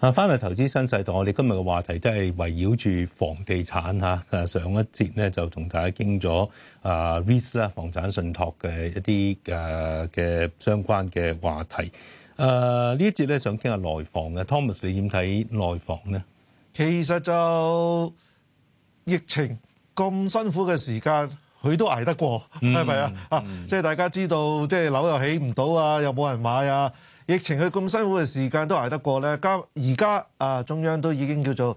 啊，翻嚟投資新世代，同我哋今日嘅話題都係圍繞住房地產嚇。上一節咧就同大家傾咗啊，risk 啦，房產信託嘅一啲誒嘅相關嘅話題。誒、啊、呢一節咧想傾下內房嘅，Thomas 你點睇內房咧？其實就疫情咁辛苦嘅時間，佢都捱得過，係咪啊？啊，即係大家知道，即係樓又起唔到啊，又冇人買啊。疫情佢咁辛苦嘅時間都捱得過咧，加而家啊中央都已經叫做誒，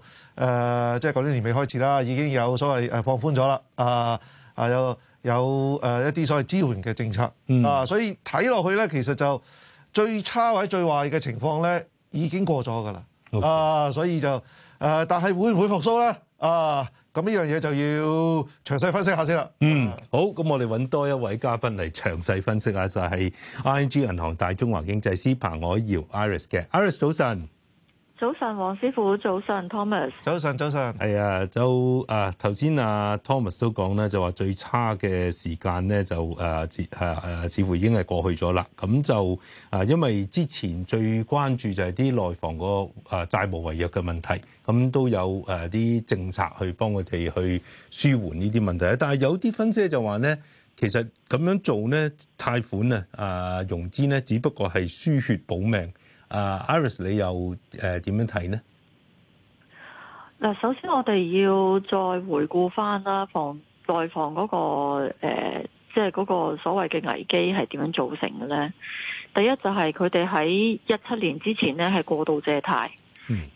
即係嗰年年尾開始啦，已經有所謂誒放寬咗啦，啊、呃、啊有有誒、呃、一啲所謂支援嘅政策啊、呃，所以睇落去咧，其實就最差或者最壞嘅情況咧已經過咗㗎啦，啊、呃，所以就誒、呃，但係會唔會復甦咧？啊、呃！咁呢樣嘢就要詳細分析下先啦。嗯，好，咁我哋揾多一位嘉賓嚟詳細分析下，就係 ING 銀行大中華經濟師彭藹嬈 Iris 嘅。Iris 早晨。早晨，黃師傅。早晨，Thomas。早晨，早晨。係啊，就啊，頭先啊，Thomas 都講咧，就話最差嘅時間咧，就啊，似啊啊，似乎已經係過去咗啦。咁就啊，因為之前最關注就係啲內房個啊債務違約嘅問題，咁都有誒啲政策去幫佢哋去舒緩呢啲問題。但係有啲分析就話咧，其實咁樣做咧，貸款啊啊融資咧，只不過係輸血保命。啊、uh，Iris，你又誒、呃、點樣睇呢？嗱，首先我哋要再回顧翻啦，房內房嗰個、呃、即係嗰個所謂嘅危機係點樣造成嘅咧？第一就係佢哋喺一七年之前咧係過度借貸，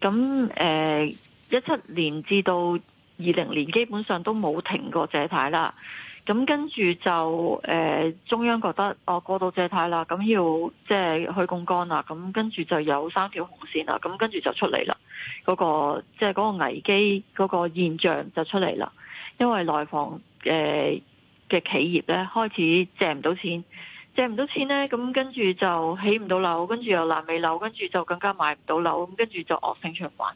咁誒一七年至到二零年基本上都冇停過借貸啦。咁跟住就誒、呃、中央覺得哦過度借貸啦，咁要即係、就是、去槓桿啦。咁跟住就有三條紅線啦。咁跟住就出嚟啦，嗰、那個即係嗰個危機嗰、那個現象就出嚟啦。因為內房誒嘅、呃、企業咧開始借唔到錢，借唔到錢咧，咁跟住就起唔到樓，跟住又爛尾樓，跟住就更加買唔到樓，咁跟住就惡性循環。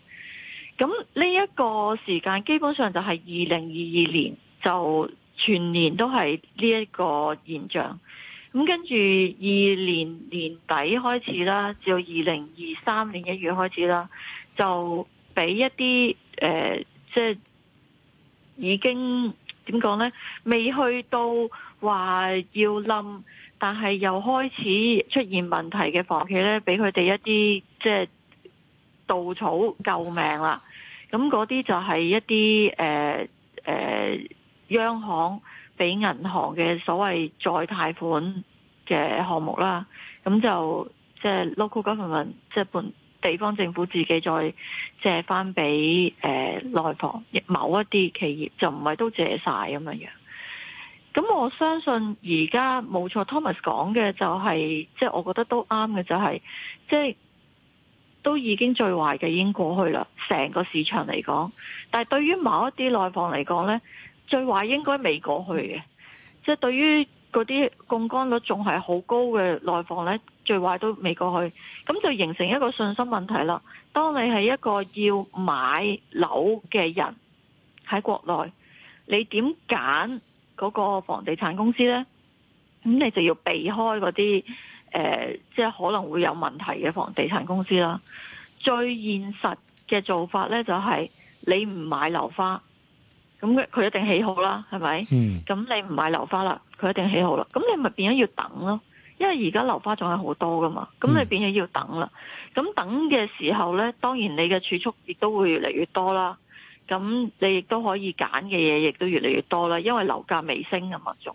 咁呢一個時間基本上就係二零二二年就。全年都係呢一個現象，咁跟住二年年底開始啦，至到二零二三年一月開始啦，就俾一啲誒、呃，即係已經點講呢？未去到話要冧，但係又開始出現問題嘅房企呢，俾佢哋一啲即係稻草救命啦。咁嗰啲就係一啲誒誒。呃呃央行俾銀行嘅所謂再貸款嘅項目啦，咁就即係 local government 即係本地方政府自己再借翻俾誒內房某一啲企業，就唔係都借晒。咁樣樣咁我相信而家冇錯，Thomas 講嘅就係即係我覺得都啱嘅，就係，就係即係都已經最壞嘅已經過去啦。成個市場嚟講，但係對於某一啲內房嚟講咧。最壞應該未過去嘅，即係對於嗰啲槓桿率仲係好高嘅內房咧，最壞都未過去，咁就形成一個信心問題啦。當你係一個要買樓嘅人喺國內，你點揀嗰個房地產公司呢？咁你就要避開嗰啲誒，即係可能會有問題嘅房地產公司啦。最現實嘅做法呢，就係你唔買樓花。咁佢一定起好啦，係咪？嗯、咁你唔買樓花啦，佢一定起好啦。咁你咪變咗要等咯，因為而家樓花仲係好多噶嘛。咁你變咗要等啦。咁等嘅時候咧，當然你嘅儲蓄亦都會越嚟越多啦。咁你亦都可以揀嘅嘢亦都越嚟越多啦，因為樓價未升啊嘛，仲。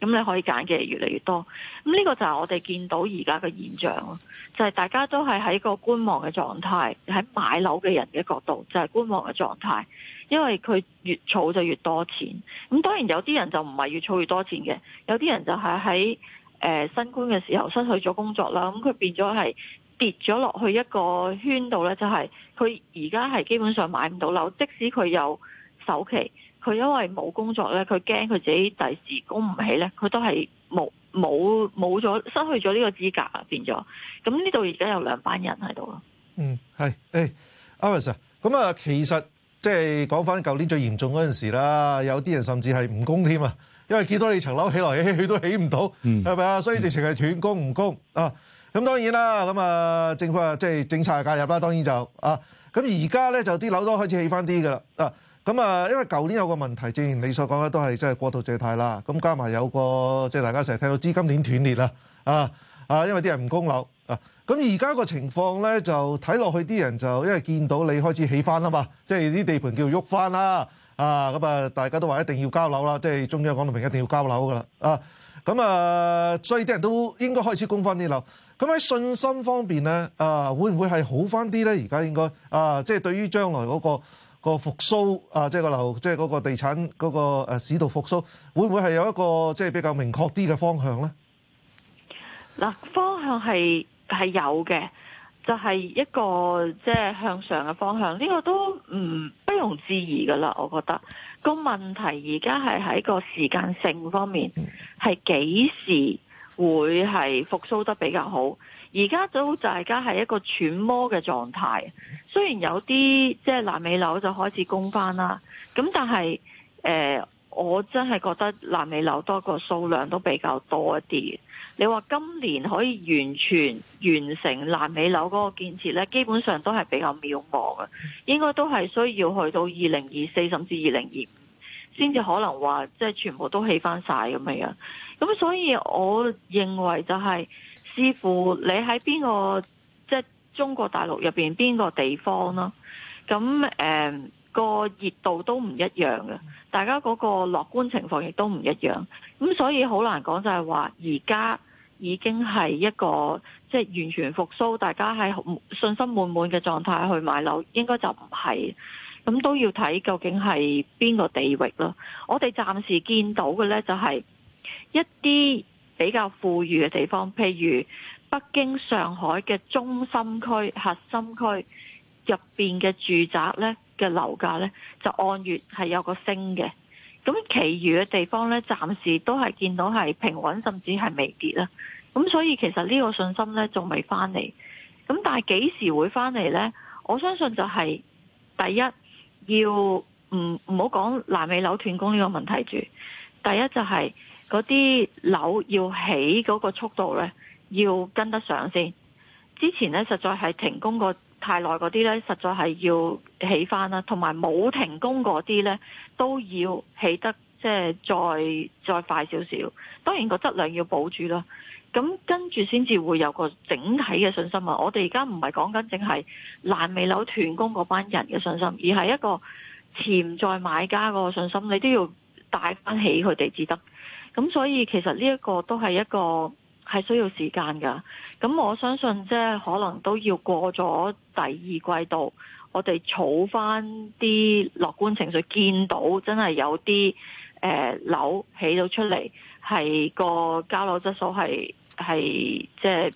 咁你可以揀嘅越嚟越多，咁呢個就係我哋見到而家嘅現象咯，就係、是、大家都係喺個觀望嘅狀態，喺買樓嘅人嘅角度就係觀望嘅狀態，因為佢越儲就越多錢。咁當然有啲人就唔係越儲越多錢嘅，有啲人就係喺、呃、新冠嘅時候失去咗工作啦，咁佢變咗係跌咗落去一個圈度呢，就係佢而家係基本上買唔到樓，即使佢有首期。佢因為冇工作咧，佢驚佢自己第時供唔起咧，佢都係冇冇冇咗，失去咗呢個資格啊，變咗。咁呢度而家有兩班人喺度咯。嗯，係，誒、欸，阿偉 Sir，咁啊、嗯，其實即係講翻舊年最嚴重嗰陣時啦，有啲人甚至係唔供添啊，因為見到你層樓起來起，起起都起唔到，係咪啊？所以直情係斷供唔供啊。咁、嗯嗯、當然啦，咁、嗯、啊，政府啊，即係政策介入啦，當然就啊。咁而家咧就啲樓都開始起翻啲噶啦啊。咁啊，因為舊年有個問題，正如你所講咧，都係即係過度借貸啦。咁加埋有個即係大家成日聽到資金鏈斷裂啦，啊啊，因為啲人唔供樓啊。咁而家個情況咧，就睇落去啲人就因為見到你開始起翻啦嘛，即係啲地盤叫喐翻啦，啊咁啊，大家都話一定要交樓啦，即係中央講到明一定要交樓噶啦，啊咁啊，所以啲人都應該開始供翻啲樓。咁喺信心方面咧，啊會唔會係好翻啲咧？而家應該啊，即係對於將來嗰個。個復蘇啊，即係個樓，即係嗰個地產嗰個誒市道復蘇，會唔會係有一個即係比較明確啲嘅方向咧？嗱，方向係係有嘅，就係、是、一個即係向上嘅方向，呢、這個都唔不容置疑噶啦。我覺得個問題而家係喺個時間性方面，係幾時會係復蘇得比較好？而家都大家係一個揣摩嘅狀態，雖然有啲即係爛尾樓就開始供翻啦，咁但係誒、呃，我真係覺得爛尾樓多個數量都比較多一啲。你話今年可以完全完成爛尾樓嗰個建設呢，基本上都係比較渺茫嘅，應該都係需要去到二零二四甚至二零二五先至可能話即係全部都起翻晒咁樣。咁所以，我認為就係、是。支付你喺邊個，即係中國大陸入邊邊個地方囉。咁誒個熱度都唔一樣嘅，大家嗰個樂觀情況亦都唔一樣，咁所以好難講就係話而家已經係一個即係完全復蘇，大家喺信心滿滿嘅狀態去買樓，應該就唔係，咁都要睇究竟係邊個地域咯。我哋暫時見到嘅呢，就係一啲。比較富裕嘅地方，譬如北京、上海嘅中心區、核心區入邊嘅住宅呢，嘅樓價呢，就按月係有個升嘅。咁其餘嘅地方呢，暫時都係見到係平穩，甚至係微跌啦。咁所以其實呢個信心呢，仲未返嚟。咁但係幾時會返嚟呢？我相信就係、是、第一要唔唔好講南美樓斷供呢個問題住。第一就係、是。嗰啲樓要起嗰個速度呢，要跟得上先。之前呢，實在係停工過太耐，嗰啲呢，實在係要起翻啦。同埋冇停工嗰啲呢，都要起得即係再再快少少。當然個質量要保住啦。咁跟住先至會有個整體嘅信心啊。我哋而家唔係講緊淨係爛尾樓斷供嗰班人嘅信心，而係一個潛在買家個信心，你都要帶翻起佢哋至得。咁所以其實呢一個都係一個係需要時間噶。咁我相信即係可能都要過咗第二季度，我哋儲翻啲樂觀情緒，見到真係有啲誒、呃、樓起到出嚟，係個交樓質素係係即係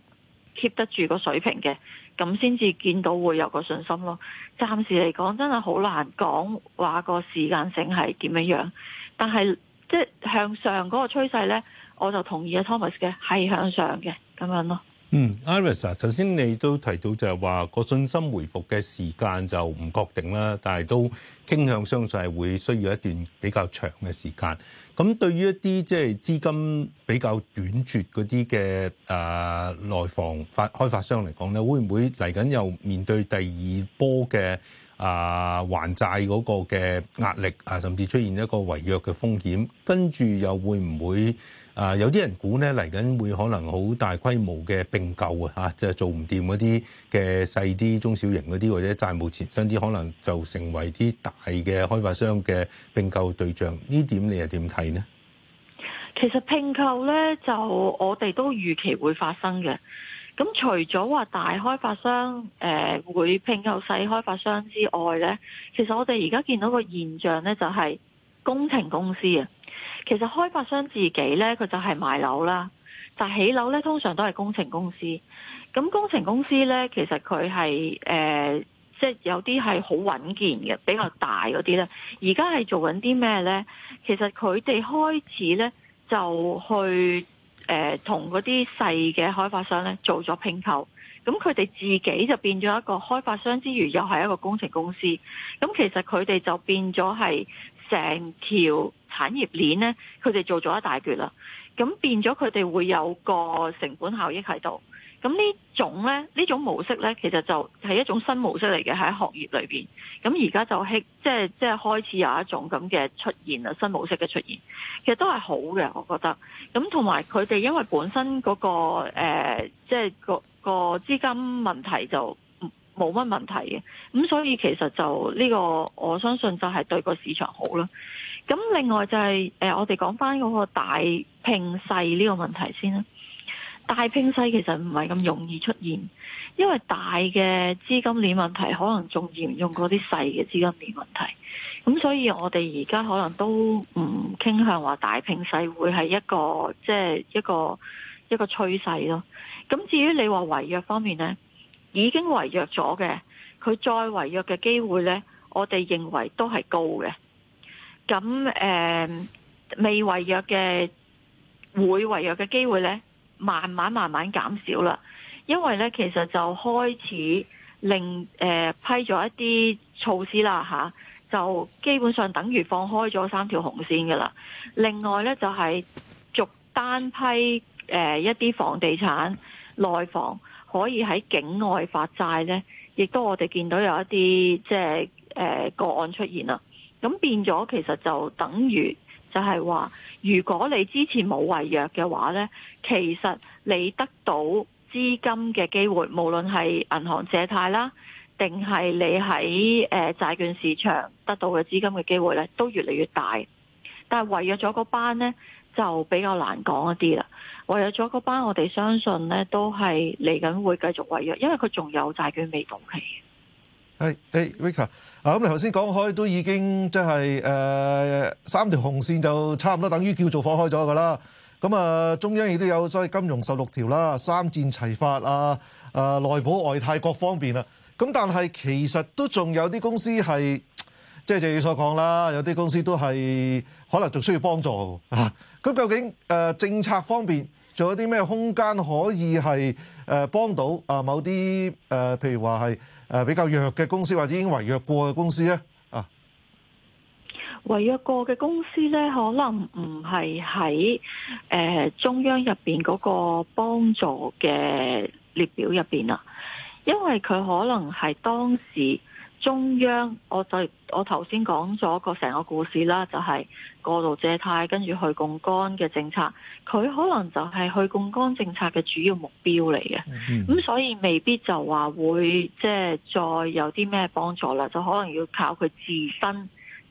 keep 得住個水平嘅，咁先至見到會有個信心咯。暫時嚟講，真係好難講話個時間性係點樣樣，但係。即係向上嗰個趨勢咧，我就同意啊，Thomas 嘅係向上嘅咁樣咯。嗯，Iris 啊，頭先你都提到就係話個信心回復嘅時間就唔確定啦，但係都傾向相信係會需要一段比較長嘅時間。咁對於一啲即係資金比較短缺嗰啲嘅誒內房發開發商嚟講咧，會唔會嚟緊又面對第二波嘅？啊，還債嗰個嘅壓力啊，甚至出現一個違約嘅風險，跟住又會唔會啊？有啲人估咧，嚟緊會可能好大規模嘅並購啊！即就做唔掂嗰啲嘅細啲中小型嗰啲，或者債務纏身啲，可能就成為啲大嘅開發商嘅並購對象。呢點你又點睇呢？其實並購咧，就我哋都預期會發生嘅。咁除咗話大開發商誒、呃、會併購細開發商之外咧，其實我哋而家見到個現象咧，就係、是、工程公司啊。其實開發商自己咧，佢就係賣樓啦，但起樓咧通常都係工程公司。咁工程公司咧，其實佢係誒，即、呃、係、就是、有啲係好穩健嘅，比較大嗰啲咧。而家係做緊啲咩咧？其實佢哋開始咧就去。誒同嗰啲細嘅開發商咧做咗併購，咁佢哋自己就變咗一個開發商之餘，又係一個工程公司，咁其實佢哋就變咗係成條產業鏈咧，佢哋做咗一大橛啦，咁變咗佢哋會有個成本效益喺度。咁呢種咧，呢種模式咧，其實就係一種新模式嚟嘅，喺行業裏面，咁而家就係即係即係開始有一種咁嘅出現啦，新模式嘅出現，其實都係好嘅，我覺得。咁同埋佢哋因為本身嗰、個誒，即係個個資金問題就冇乜問題嘅，咁所以其實就呢個我相信就係對個市場好啦。咁另外就係誒，我哋講翻嗰個大拼細呢個問題先啦。大拼細其實唔係咁容易出現，因為大嘅資金鏈問題可能仲嚴重過啲細嘅資金鏈問題，咁所以我哋而家可能都唔傾向話大拼細會係一個即係、就是、一個一個,一個趨勢咯。咁至於你話違約方面呢，已經違約咗嘅，佢再違約嘅機會呢，我哋認為都係高嘅。咁誒、呃，未違約嘅會違約嘅機會呢。慢慢慢慢減少啦，因為咧其實就開始令誒、呃、批咗一啲措施啦嚇、啊，就基本上等於放開咗三條紅線㗎啦。另外咧就係、是、逐單批誒、呃、一啲房地產內房可以喺境外發債咧，亦都我哋見到有一啲即係誒個案出現啦。咁變咗其實就等於。就係話，如果你之前冇違約嘅話呢，其實你得到資金嘅機會，無論係銀行借貸啦，定係你喺債券市場得到嘅資金嘅機會呢，都越嚟越大。但係違約咗嗰班呢，就比較難講一啲啦。違約咗嗰班，我哋相信呢都係嚟緊會繼續違約，因為佢仲有債券未到期。係，誒，Victor，啊，咁你頭先講開都已經即係誒三條紅線就差唔多等於叫做放開咗㗎啦。咁啊，中央亦都有所謂金融十六條啦，三箭齊發啊，誒、呃，內保外泰各方面啦。咁但係其實都仲有啲公司係，即係就要、是、所講啦，有啲公司都係可能仲需要幫助啊。咁究竟誒、呃、政策方面？仲有啲咩空間可以係誒幫到啊？某啲誒，譬如話係誒比較弱嘅公司，或者已經違約過嘅公司咧啊？違約過嘅公司咧，可能唔係喺誒中央入邊嗰個幫助嘅列表入邊啦，因為佢可能係當時。中央，我就我頭先講咗個成個故事啦，就係、是、過度借貸跟住去槓桿嘅政策，佢可能就係去槓桿政策嘅主要目標嚟嘅，咁、嗯嗯、所以未必就話會即係再有啲咩幫助啦，就可能要靠佢自身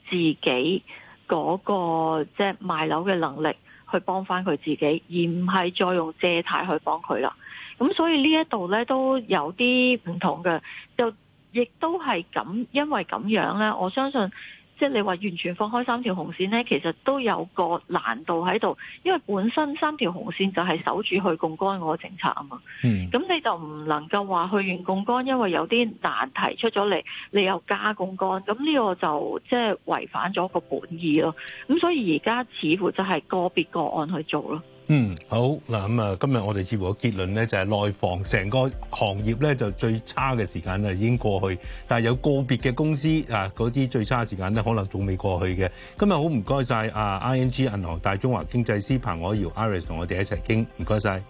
自己嗰、那個即係賣樓嘅能力去幫翻佢自己，而唔係再用借貸去幫佢啦。咁、嗯、所以呢一度呢都有啲唔同嘅，就。亦都係咁，因為咁樣呢，我相信即係你話完全放開三條紅線呢，其實都有個難度喺度，因為本身三條紅線就係守住去槓桿嗰個政策啊嘛。咁、嗯、你就唔能夠話去完槓桿，因為有啲難題出咗嚟，你又加槓桿，咁呢個就即係違反咗個本意咯。咁所以而家似乎就係個別個案去做咯。嗯，好嗱，咁、嗯、啊，今日我哋似乎嘅結論咧，就係內房成個行業咧，就最差嘅時間咧已經過去，但係有個別嘅公司啊，嗰啲最差嘅時間咧，可能仲未過去嘅。今日好唔該晒啊，ING 銀行大中華經濟師彭藹嬈 Iris 同我哋一齊傾，唔該晒，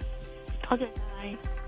多謝晒。